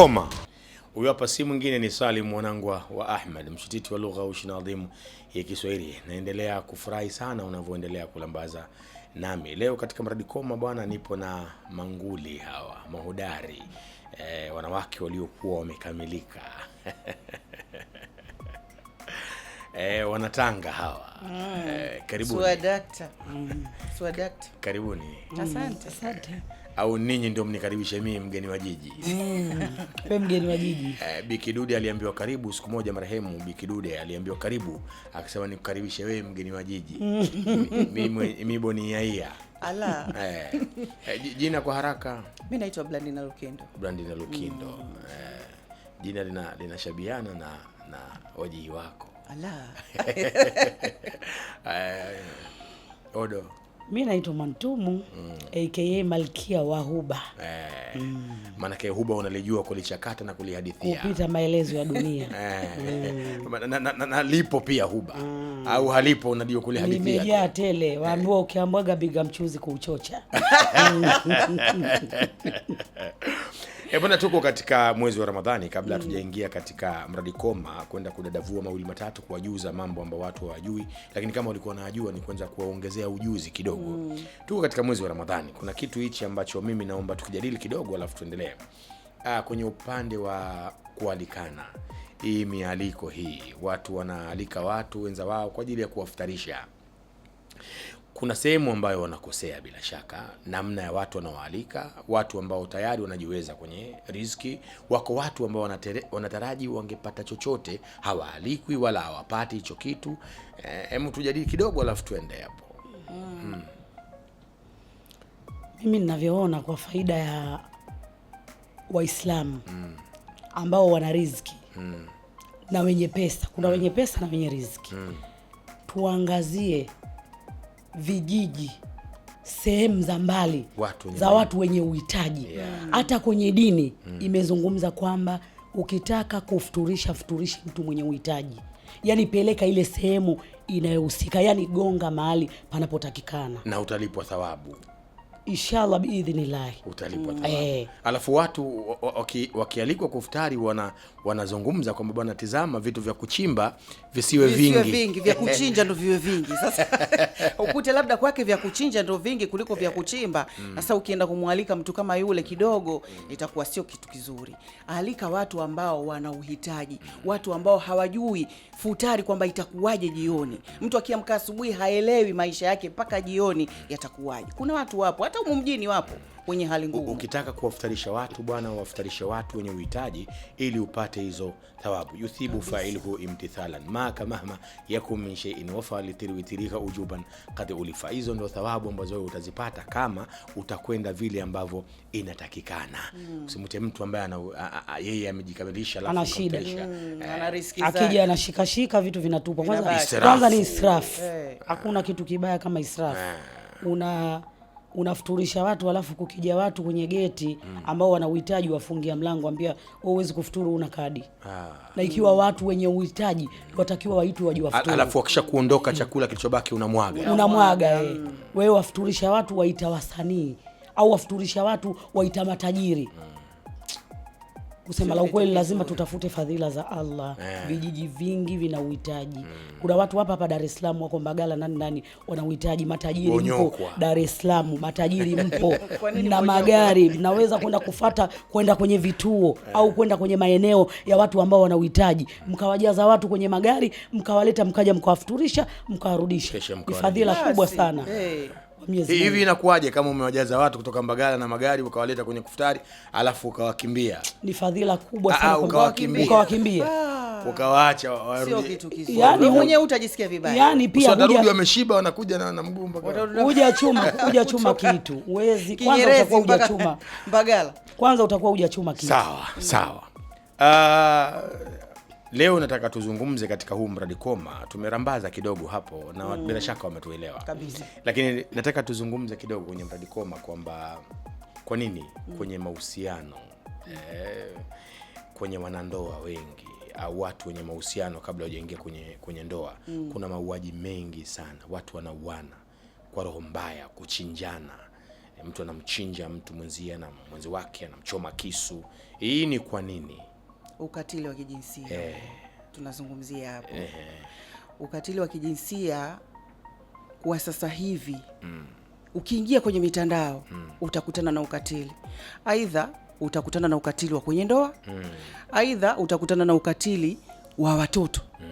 koma. Huyu hapa si mwingine ni Salim mwanangu wa Ahmed, mshititi wa lugha na adhimu ya Kiswahili. Naendelea kufurahi sana unavyoendelea kulambaza nami leo katika mradi koma bwana, nipo na manguli hawa mahodari e, eh, wanawake waliokuwa wamekamilika e, wanatanga hawa e, karibuni. Suadakta. Mm. Karibuni. Asante. Asante au ninyi ndio mnikaribishe mimi mgeni wa jiji? mm, mgeni wa jiji. Eh, Bikidude aliambiwa karibu siku moja, marehemu Bikidude aliambiwa karibu, akasema nikukaribishe wewe mgeni wa jiji. Mimi yaia. Ala. Eh, eh jina kwa haraka. Mimi naitwa Blandina Lukindo. Blandina Lukindo. Mm. Eh, jina lina linashabiana na na wajii wako. Ala. eh, odo Mi naitwa Mwantumu mm. aka Malkia wa Huba eh. mm. Maanake Huba unalijua kulichakata na kulihadithia kupita maelezo ya dunia eh. mm. na, na, na lipo pia Huba mm. au halipo, unajua kulihadithia limejaa tele, eh. waambiwa ukiambwaga biga mchuzi kuuchocha mm. Ebona, tuko katika mwezi wa Ramadhani. Kabla hatujaingia mm. katika mradi koma kwenda kudadavua mawili matatu, kuwajuza mambo ambayo watu hawajui, lakini kama walikuwa wanajua ni kuanza kuwaongezea ujuzi kidogo mm. tuko katika mwezi wa Ramadhani. Kuna kitu hichi ambacho mimi naomba tukijadili kidogo, alafu tuendelee ah, kwenye upande wa kualikana hii mialiko hii, watu wanaalika watu wenza wao kwa ajili ya kuwafutarisha kuna sehemu ambayo wanakosea bila shaka, namna ya watu wanaoalika, watu ambao tayari wanajiweza kwenye riziki. Wako watu ambao wanataraji wangepata chochote, hawaalikwi wala hawapati hicho kitu. Eh, hebu tujadili kidogo, alafu tuende hapo. Hmm. Mimi ninavyoona kwa faida ya Waislamu hmm. ambao wana riziki hmm. na wenye pesa, kuna hmm. wenye pesa na wenye riziki hmm. tuangazie vijiji, sehemu za mbali za watu wenye uhitaji mm. hata Kwenye dini mm. imezungumza kwamba ukitaka kufuturisha futurishi mtu mwenye uhitaji, yani peleka ile sehemu inayohusika, yani gonga mahali panapotakikana na utalipwa thawabu. Inshallah biidhnillahi utalipwa mm. Eh. Alafu watu wakialikwa kufutari wana wanazungumza kwamba bwana, tizama vitu vya kuchimba visiwe vingi. Vingi vya kuchinja ndo viwe vingi. Sasa ukute labda kwake vya kuchinja ndo vingi kuliko vya eh. kuchimba. Mm. Sasa ukienda kumwalika mtu kama yule mm. kidogo itakuwa sio kitu kizuri. Alika watu ambao wana uhitaji, watu ambao hawajui futari kwamba itakuwaje jioni. Mtu akiamka asubuhi haelewi maisha yake mpaka jioni yatakuwaje. Kuna watu wapo hata humu mjini wapo wenye hali ngumu. Ukitaka kuwafutarisha watu bwana, wafutarishe watu wenye uhitaji ili upate hizo thawabu. yuthibu failuhu imtithalan maka mahma yakum min shay'in wafa litirwitirika ujuban qad ulifa. Hizo ndio thawabu ambazo wewe utazipata kama utakwenda vile ambavyo inatakikana. mm. Usimute mtu ambaye yeye amejikamilisha ana shida hmm, eh. akija anashikashika vitu vinatupwa. Kwanza ni israfu, eh. hakuna kitu kibaya kama israfu eh. una unafuturisha watu alafu kukija watu kwenye geti mm. ambao wana uhitaji wafungia mlango, ambia wewe huwezi kufuturu una kadi ah. na ikiwa watu wenye uhitaji watakiwa waitwe waje wafuturu, alafu wakisha kuondoka chakula kilichobaki unamwaga, unamwaga mm. wewe wafuturisha watu waita wasanii au wafuturisha watu waita matajiri mm. Kusema la ukweli, lazima tutafute fadhila za Allah. Eh. Vijiji vingi vina uhitaji mm. Kuna watu hapa hapa Dar es Salaam wako Mbagala nani nani, wana uhitaji. Matajiri mpo Dar es Salaam, matajiri mpo na magari, mnaweza kwenda kufata kwenda kwenye vituo eh. au kwenda kwenye maeneo ya watu ambao wana uhitaji, mkawajaza watu kwenye magari, mkawaleta, mkaja, mkawafuturisha, mkawarudisha. Ni fadhila kubwa sana hey. Eh hivi inakuwaje kama umewajaza watu kutoka Mbagala na magari ukawaleta kwenye kuftari alafu ukawakimbia? Ni fadhila kubwa ah, sana ukawakimbia, ukawakimbia, ah. ukawaacha warudi. Yani mwenye utajisikia vibaya. Yani pia watarudi wameshiba, wanakuja na na mguu Mbagala, uja chuma, uja chuma kitu uwezi. Kwanza utakuwa uja chuma Mbagala, kwanza utakuwa uja chuma kitu. Sawa sawa. Mm. Ah, Leo nataka tuzungumze katika huu mradi Koma. Tumerambaza kidogo hapo na mm, bila shaka wametuelewa lakini nataka tuzungumze kidogo kwenye mradi Koma kwamba kwa nini mm, kwenye mahusiano eh, kwenye wanandoa wengi au watu wenye mahusiano kabla wajaingia kwenye, kwenye ndoa mm, kuna mauaji mengi sana, watu wanauana kwa roho mbaya, kuchinjana mtu anamchinja mtu mwenzie na mwenzi wake anamchoma kisu. Hii ni kwa nini? ukatili wa kijinsia eh, tunazungumzia hapo eh, ukatili wa kijinsia kwa sasa hivi mm. Ukiingia kwenye mitandao mm. utakutana na ukatili, aidha utakutana na ukatili wa kwenye ndoa mm. aidha utakutana na ukatili wa watoto mm.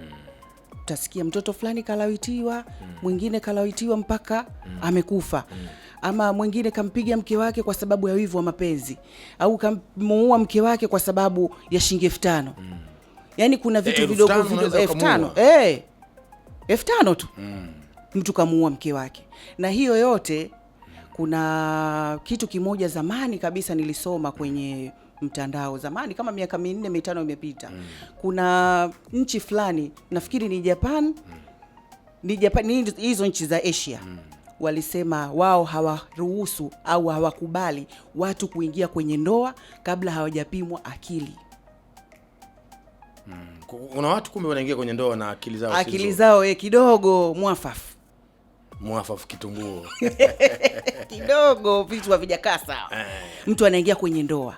Utasikia mtoto fulani kalawitiwa, mm. mwingine kalawitiwa mpaka mm. amekufa mm ama mwingine kampiga mke wake kwa sababu ya wivu wa mapenzi, au kamuua mke wake kwa sababu ya shilingi elfu tano mm. Yaani kuna eh, vitu vidogo vidogo elfu tano eh, elfu tano tu mm. Mtu kamuua mke wake, na hiyo yote kuna kitu kimoja zamani kabisa nilisoma kwenye mtandao zamani kama miaka minne mitano imepita mm. Kuna nchi fulani nafikiri ni Japan mm. ni Japan, ni hizo nchi za Asia mm walisema wao hawaruhusu au hawakubali watu kuingia kwenye ndoa kabla hawajapimwa akili. Hmm. Kuna watu kumbe wanaingia kwenye ndoa na akili zao akili zao eh, kidogo mwafafu mwafafu kitumbuo kidogo vitu havijakaa sawa. Eh. Mtu anaingia kwenye ndoa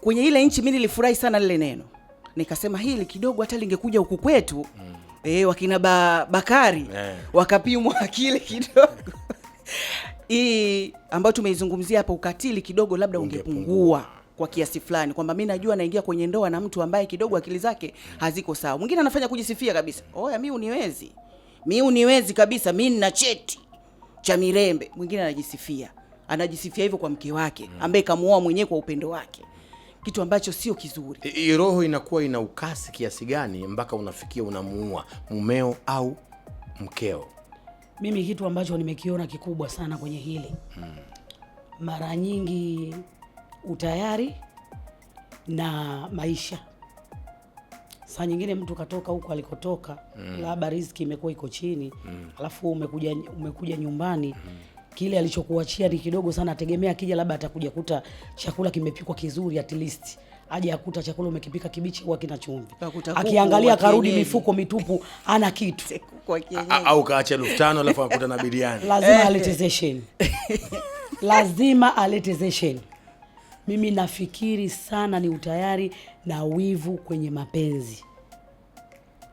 kwenye ile nchi, mimi nilifurahi sana lile neno, nikasema hili kidogo hata lingekuja huku kwetu hmm eh, wakina ba, Bakari yeah. wakapimwa akili kidogo hii ambayo tumeizungumzia hapa, ukatili kidogo labda ungepungua kwa kiasi fulani, kwamba mi najua naingia kwenye ndoa na mtu ambaye kidogo akili zake haziko sawa. Mwingine anafanya kujisifia kabisa, oya, mi uniwezi, mi uniwezi kabisa, mi nina cheti cha Mirembe. Mwingine anajisifia, anajisifia hivyo kwa mke wake hmm. ambaye kamuoa mwenyewe kwa upendo wake kitu ambacho sio kizuri. I, roho inakuwa ina ukasi kiasi gani mpaka unafikia unamuua mumeo au mkeo? Mimi kitu ambacho nimekiona kikubwa sana kwenye hili hmm. mara nyingi utayari na maisha. Saa nyingine mtu katoka huko alikotoka, hmm, labda riziki imekuwa iko chini, hmm, alafu umekuja umekuja nyumbani, hmm kile alichokuachia ni kidogo sana, ategemea akija labda atakuja kuta chakula kimepikwa kizuri, at least aje akuta chakula umekipika kibichi au kina chumvi, akiangalia karudi mifuko mitupu, ana kitu au kaacha elfu tano alafu akuta na biriani, Lazima alete eh. zesheni, lazima alete zesheni. Mimi nafikiri sana ni utayari na wivu kwenye mapenzi.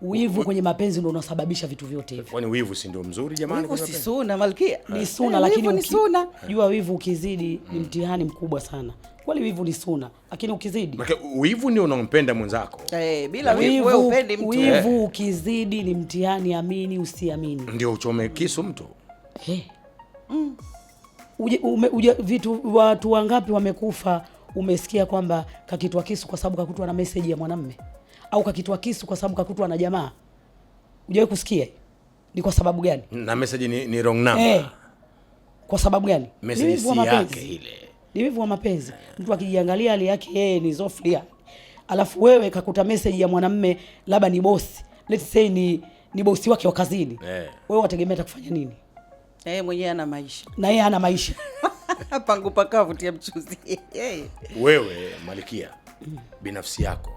Wivu kwenye mapenzi ndio unasababisha vitu vyote hivyo. Kwani wivu si ndio mzuri jamani? Wivu si suna malkia, ni eh. suna eh, lakini ni suna. Jua wivu ukizidi ni hmm. mtihani mkubwa sana. Kwani wivu ni suna, lakini ukizidi. Maana wivu ndio unampenda mwenzako. Eh, bila wivu wewe upendi mtu. Wivu ukizidi ni mtihani, amini usiamini. Ndio uchome kisu mtu. Eh. Mm. Uje, ume, uje, vitu watu wangapi wamekufa umesikia kwamba kakitwa kisu kwa sababu kakutwa na message ya mwanamume au kakitwa kisu kwa sababu kakutwa na jamaa. Hujawahi kusikia? Ni kwa sababu gani? Na message ni, ni wrong number. Eh. Kwa sababu gani? Message si yake ile. Ni wivu wa mapenzi. Mtu akijiangalia hali yake yeye ni Zofia. Alafu wewe kakuta message ya mwanamme labda ni bosi. Let's say ni ni bosi wake wa kazini. Eh. Wewe wategemea atakufanya nini? Na yeye mwenyewe ana maisha. Na yeye ana maisha. Pangu pakavu tia mchuzi. Wewe Malikia, binafsi yako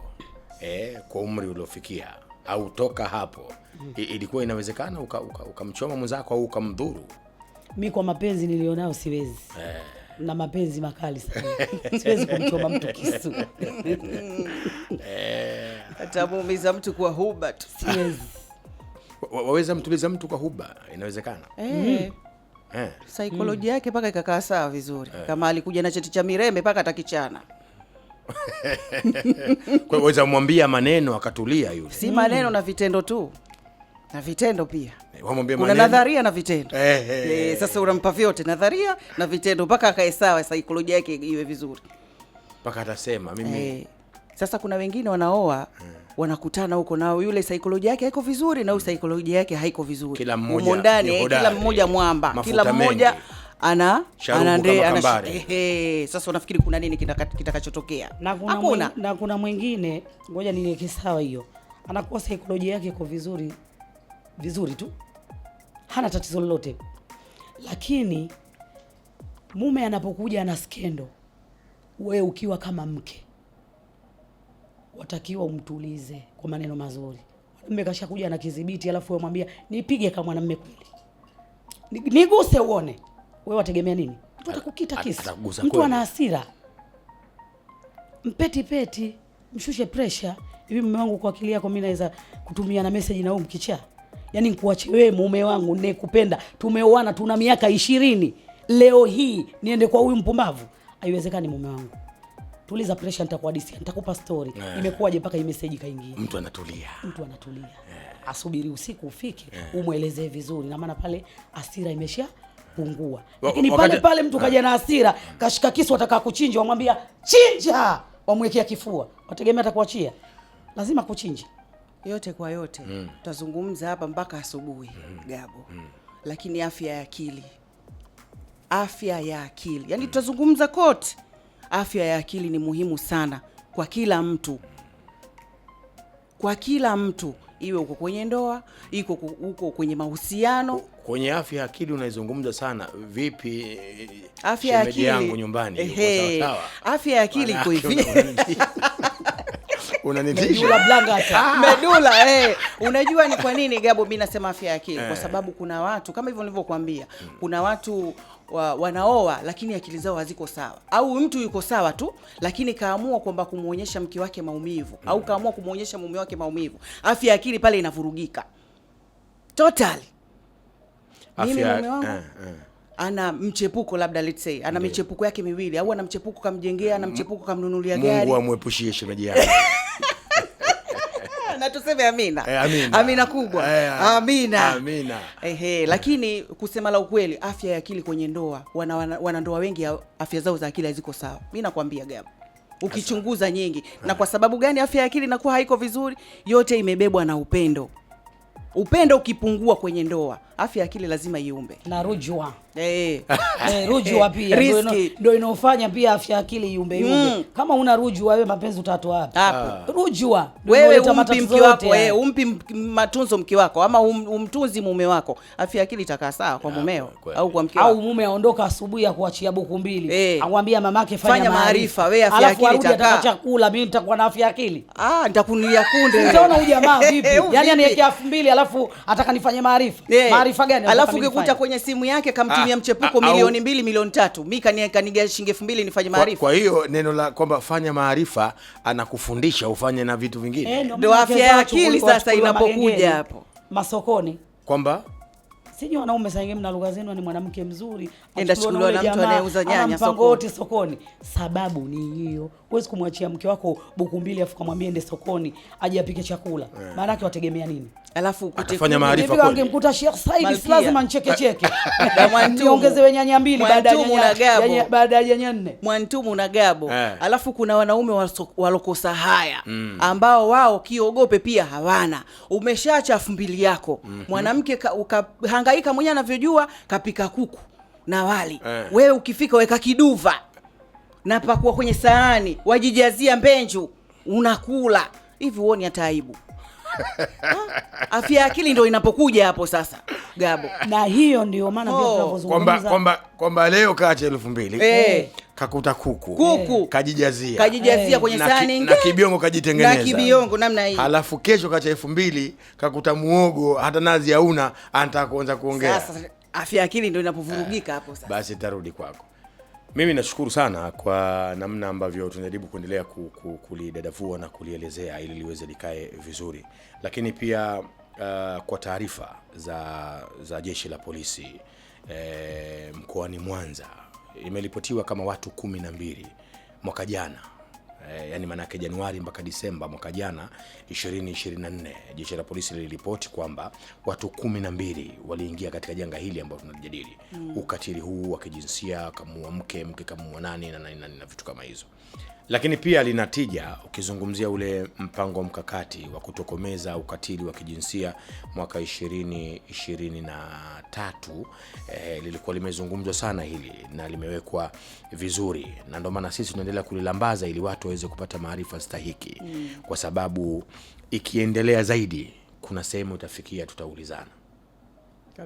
eh, kwa umri uliofikia au toka hapo mm. Ilikuwa inawezekana ukamchoma uka, uka mwenzako au ukamdhuru? Mi kwa mapenzi nilionayo siwezi eh. Na mapenzi makali sana siwezi kumchoma mtu kisu eh. Atamuumiza mtu kwa huba tu, siwezi waweza mtuliza mtu kwa huba, inawezekana eh. Hmm. Eh. Saikolojia yake mpaka ikakaa sawa vizuri eh. Kama alikuja na cheti cha Mirembe mpaka atakichana Kwa hiyo waweza mwambia maneno akatulia yule. Si maneno na vitendo tu, na vitendo pia eh, kuna nadharia na vitendo eh, hey, eh, eh, hey. Sasa unampa vyote nadharia na vitendo mpaka akae sawa, saikolojia yake iwe vizuri mpaka atasema mimi hey. Sasa kuna wengine wanaoa hmm. Wanakutana huko nao, yule saikolojia yake haiko vizuri na huyu saikolojia yake haiko vizuri, kila mmoja ndani, kila mmoja mwamba, kila mmoja ana anande ana ehe. Sasa unafikiri kuna nini kitakachotokea? kita na kuna na kuna mwingine, ngoja niweke sawa hiyo, anakuwa saikolojia yake iko vizuri vizuri tu, hana tatizo lolote, lakini mume anapokuja ana skendo, wewe ukiwa kama mke watakiwa umtulize kwa maneno mazuri. Mwanamume kashakuja na kidhibiti, alafu wewe mwambia nipige kama mwanamume kweli, niguse uone wewe wategemea nini? Mtu atakukita kisi, mtu ana hasira. Mpeti peti, mshushe pressure. Hivi mume wangu, kwa akili yako mimi naweza kutumia na message na wewe mkicha? Yaani nikuache wewe mume wangu, ninekupenda, tumeoana, tuna miaka ishirini, leo hii niende kwa huyu mpumbavu? Haiwezekani mume wangu. Tuliza pressure, nitakuhadisia, nitakupa story yeah. Imekuwaje mpaka hii message kaingia? Mtu anatulia, mtu anatulia yeah. Asubiri usiku ufike yeah. Umweleze vizuri, na maana pale asira imesha kupungua, lakini pale pale mtu kaja na ah. hasira, kashika kisu, ataka kuchinja, wamwambia chinja, wamwekea kifua, wategemea atakuachia? Lazima kuchinja. Yote kwa yote mm. tutazungumza hapa mpaka asubuhi mm. Gabo mm. lakini afya ya akili, afya ya akili yani mm. tutazungumza kote. Afya ya akili ni muhimu sana kwa kila mtu, kwa kila mtu iwe uko kwenye ndoa, iko uko kwenye mahusiano, kwenye afya akili. Unaizungumza sana vipi afya ya akili yangu nyumbani? Afya ya akili iko hivi unanitisha ah. medula eh. Unajua ni kwa nini Gabo, mimi nasema afya ya akili kwa eh. sababu kuna watu kama hivyo nilivyokuambia, kuna watu wa, wanaoa lakini akili zao haziko sawa, au mtu yuko sawa tu lakini kaamua kwamba kumuonyesha mke wake maumivu mm, au hmm. kaamua kumuonyesha mume wake maumivu, afya ya akili pale inavurugika totally. Mimi mume wangu eh, eh ana mchepuko labda let's say ana michepuko yake miwili au ana mchepuko kamjengea ana mm. mchepuko kamnunulia gari. Mungu amwepushie shemeji yake. Na tuseme amina. Eh, amina. Amina kubwa. Eh, amina. Amina. Ehe, lakini kusema la ukweli afya ya akili kwenye ndoa wana, wana, wana ndoa wengi afya zao za akili haziko sawa. Mimi nakwambia gabu. ukichunguza nyingi. Eh. Na kwa sababu gani afya ya akili inakuwa haiko vizuri? Yote imebebwa na upendo. Upendo ukipungua kwenye ndoa, afya ya akili lazima iumbe Narujua. Hey. Eh, eh. Hey, eh, ruju wa pia ndio inaofanya pia afya akili yumbe yumbe. Mm. Kama una rujua wewe mapenzi utatoa wapi? Hapo. Ah. wa Wewe umpi mke wako, eh, umpi matunzo mke wako ama um, umtunzi mume wako. Afya akili itakaa sawa kwa ah, mumeo au kwa mke wako. Au mume aondoka asubuhi ya kuachia buku mbili. Hey. Amwambia mamake fanya maarifa, wewe afya akili itakaa. Alafu chakula mimi nitakuwa na afya akili. Ah, nitakunulia kunde. Unaona huyu jamaa vipi? Yaani aniweke 2000 alafu ataka maarifa. Maarifa gani? Alafu ukikuta kwenye simu yake kama kutumia ah, mchepuko ah, milioni mbili milioni tatu mi kanigea shilingi elfu mbili nifanye maarifa. Kwa hiyo neno la kwamba fanya maarifa anakufundisha ufanye na vitu vingine, eh, ndo afya ya akili sasa inapokuja hapo masokoni kwamba sijui wanaume saa mna lugha zenu ni mwanamke mzuri enda chukuliwa na mtu anayeuza nyanya sokoni wote sokoni. Sababu ni hiyo, huwezi kumwachia mke wako buku mbili afu kamwambia ende sokoni aje apike chakula yeah. Maana yake wategemea nini? Alafu kutifanya maarifa kweli, angemkuta Sheikh Said si lazima ncheke cheke niongezewe nyanya mbili baada ya baada ya nyanya nne mwantumu na gabo eh. Alafu kuna wanaume walokosa haya mm. ambao wao kiogope pia hawana umeshaacha elfu mbili yako mm -hmm. mwanamke ukahanga anahangaika mwenyewe anavyojua, kapika kuku na wali eh. Wewe ukifika weka kiduva na pakua kwenye sahani, wajijazia mbenju, unakula hivi, huoni hata aibu? Ah, afya ya akili ndio inapokuja hapo sasa, Gabo. Na hiyo ndio maana pia oh, tunavyozungumza kwamba kwamba leo kacha elfu mbili eh. Eh. Kakuta kuku, kuku eh. kajijazia, kajijazia hey. Kwenye sahani na kibiongo kajitengeneza na kibiongo namna hii, alafu kesho kacha elfu mbili kakuta muogo hata nazi hauna, anataka kuanza kuongea sasa. Afya ya akili ndio inapovurugika hapo sasa, basi tarudi kwako. Mimi nashukuru sana kwa namna ambavyo tunajaribu kuendelea kulidadavua na kulielezea ili liweze likae vizuri, lakini pia uh, kwa taarifa za, za jeshi la polisi eh, mkoani Mwanza imeripotiwa kama watu kumi na mbili mwaka jana e, yani maanake Januari mpaka Disemba mwaka jana 2024 jeshi la polisi liliripoti kwamba watu kumi na mbili waliingia katika janga hili ambalo tunajadili mm. ukatili huu wa kijinsia, kamua mke mke kamua nani na nani na vitu kama hizo lakini pia lina tija. Ukizungumzia ule mpango wa mkakati wa kutokomeza ukatili wa kijinsia mwaka 2023 eh, lilikuwa limezungumzwa sana hili na limewekwa vizuri, na ndio maana sisi tunaendelea kulilambaza ili watu waweze kupata maarifa stahiki mm, kwa sababu ikiendelea zaidi kuna sehemu itafikia tutaulizana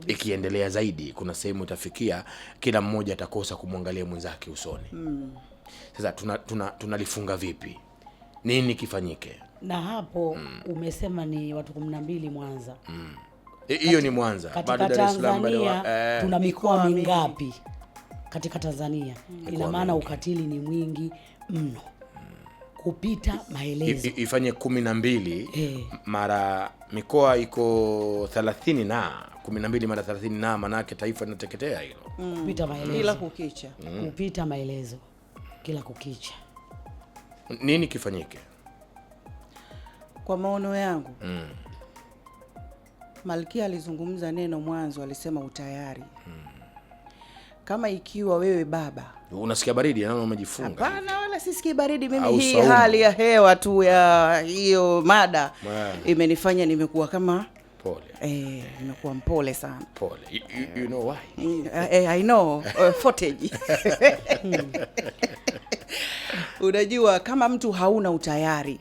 ikiendelea zaidi kuna sehemu itafikia kila mmoja atakosa kumwangalia mwenzake usoni. Mm. Sasa tunalifunga tuna, tuna vipi? Nini kifanyike? Na hapo mm. umesema ni watu kumi na mbili Mwanza mm. hiyo mm. ni Mwanza. Katika Tanzania eh, tuna mikoa mingapi katika Tanzania? Ina maana ukatili ni mwingi mno kupita maelezo. Ifanye kumi na mbili eh, mara mikoa iko thelathini na kumi na mbili mara thelathini na, manake taifa linateketea hilo mm. mm. kupita maelezo. Mm. kupita maelezo kila kukicha. Nini kifanyike? Kwa maono yangu mm. Malkia alizungumza neno mwanzo, alisema utayari mm. Kama ikiwa wewe baba unasikia baridi, naona umejifunga. Hapana, wala sisikii baridi mimi. Au hii saumu. Hali ya hewa tu ya hiyo mada Man. imenifanya nimekuwa kama pole eh, nimekuwa mpole sana. Pole you, you know why I, eh, eh, I know eh, footage Unajua, kama mtu hauna utayari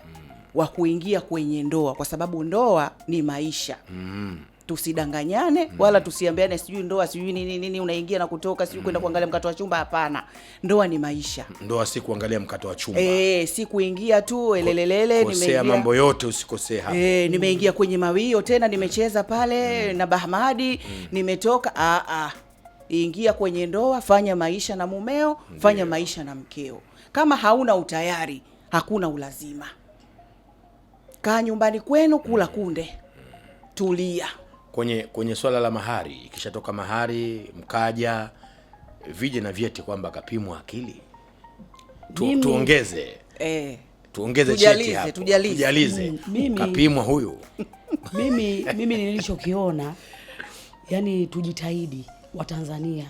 wa kuingia kwenye ndoa, kwa sababu ndoa ni maisha mm. Tusidanganyane mm. wala tusiambiane sijui ndoa sijui nini nini, unaingia na kutoka sijui mm. kwenda kuangalia mkato wa chumba. Hapana, ndoa ni maisha. Ndoa si kuangalia mkato wa chumba e, si kuingia tu elelelele, nimeingia mambo yote usikosee hapo e, nimeingia mm. kwenye mawio tena nimecheza pale mm. na Bahmadi mm. nimetoka a ah, a ah ingia kwenye ndoa, fanya maisha na mumeo, fanya Ndiyo. maisha na mkeo. Kama hauna utayari, hakuna ulazima. Kaa nyumbani kwenu, kula kunde, tulia. Kwenye kwenye swala la mahari, ikishatoka mahari mkaja vije na vyeti kwamba kapimwa akili tu, tuongeze eh, tuongeze cheti hapo, tujalize, tujalize. Mm, mimi, kapimwa huyu mimi, mimi nilichokiona yani, tujitahidi Watanzania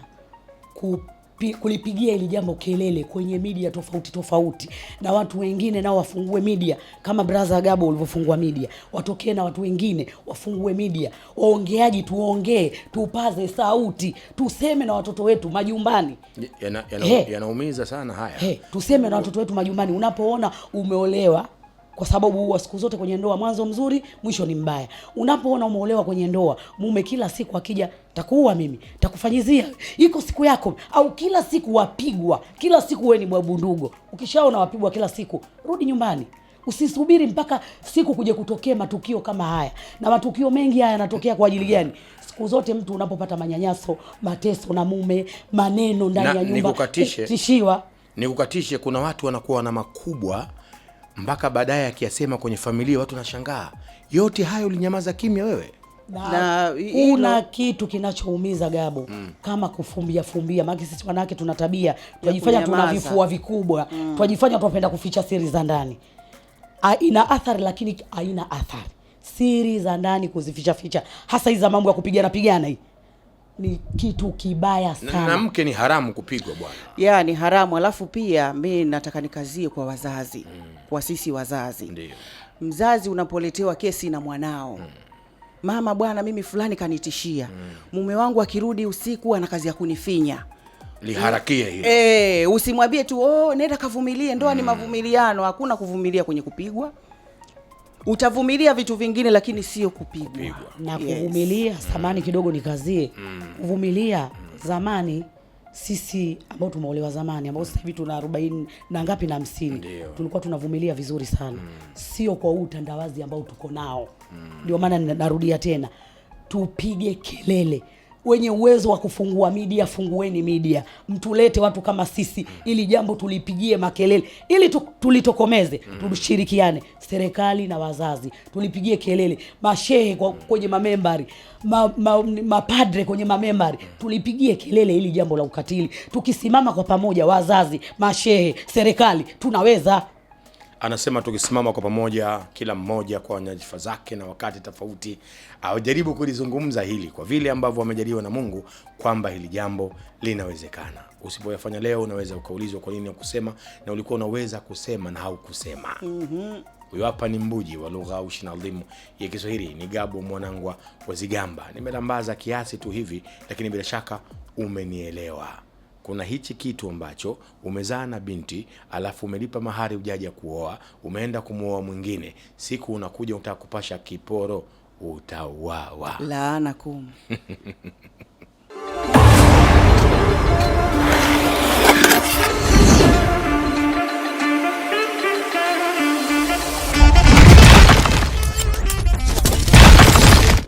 kulipigia hili jambo kelele kwenye media tofauti tofauti, na watu wengine nao wafungue media kama brother Gabo ulivyofungua media, watokee na watu wengine wafungue media. Waongeaji tuongee, tupaze sauti, tuseme na watoto wetu majumbani. Yanaumiza yana, yana sana haya. hey, tuseme na watoto wetu majumbani, unapoona umeolewa kwa sababu huwa siku zote kwenye ndoa mwanzo mzuri mwisho ni mbaya. Unapoona umeolewa kwenye ndoa, mume kila siku akija, takuua mimi, takufanyizia, iko siku yako, au kila siku wapigwa, kila siku wewe ni bwabu ndugo. Ukishaona wapigwa kila siku, rudi nyumbani. Usisubiri mpaka siku kuja kutokea matukio kama haya. Na matukio mengi haya yanatokea kwa ajili gani? Siku zote mtu unapopata manyanyaso, mateso na mume, maneno ndani ya nyumba, tishiwa, nikukatishe, kuna watu wanakuwa na makubwa mpaka baadaye akiyasema kwenye familia, watu wanashangaa. Yote hayo ulinyamaza kimya wewe na, na una kitu kinachoumiza Gabo mm. kama kufumbia fumbia, maana sisi wanawake tuna tabia tunajifanya tuna vifua vikubwa mm. tunajifanya tunapenda kuficha siri za ndani. Ina athari lakini haina athari. Siri za ndani kuzificha ficha, hasa hizi za mambo ya kupigana pigana, hii ni kitu kibaya sana, na mke ni haramu kupigwa bwana. Yeah, ni haramu. Alafu pia mi nataka nikazie kwa wazazi mm kwa sisi wazazi. Ndiyo. Mzazi unapoletewa kesi na mwanao mm. Mama bwana, mimi fulani kanitishia hmm. mume wangu akirudi usiku ana kazi ya kunifinya liharakie hiyo. E, eh, usimwambie tu oh, nenda kavumilie. Ndoa mm. ni hmm. mavumiliano, hakuna kuvumilia kwenye kupigwa. Utavumilia vitu vingine, lakini sio kupigwa na kuvumilia. Yes. Samani kidogo nikazie hmm. kuvumilia mm. zamani sisi ambao tumeolewa zamani ambao sasa hivi tuna 40 na ngapi na hamsini tulikuwa tunavumilia vizuri sana mm. Sio kwa huu utandawazi ambao tuko nao, mm. ndio mm. maana narudia tena, tupige kelele wenye uwezo wa kufungua media, fungueni media, mtulete watu kama sisi, ili jambo tulipigie makelele, ili tulitokomeze. Mm. Tushirikiane serikali na wazazi, tulipigie kelele. Mashehe mm. kwenye mamembari, mapadre ma, ma kwenye mamembari, mm. tulipigie kelele ili jambo la ukatili. Tukisimama kwa pamoja, wazazi, mashehe, serikali, tunaweza anasema tukisimama kwa pamoja, kila mmoja kwa nyadhifa zake na wakati tofauti, awajaribu kulizungumza hili kwa vile ambavyo wamejaliwa na Mungu kwamba hili jambo linawezekana. Usipoyafanya leo, unaweza ukaulizwa kwa nini hakusema na ulikuwa unaweza kusema na haukusema. mm -hmm. Huyo hapa ni mbuji wa lugha au shina adhimu ya Kiswahili, ni Gabo mwanangwa wa Zigamba. Nimelambaza kiasi tu hivi, lakini bila shaka umenielewa kuna hichi kitu ambacho umezaa na binti alafu umelipa mahari ujaja kuoa, umeenda kumwoa mwingine, siku unakuja unataka kupasha kiporo, utauawa. Laana kumu.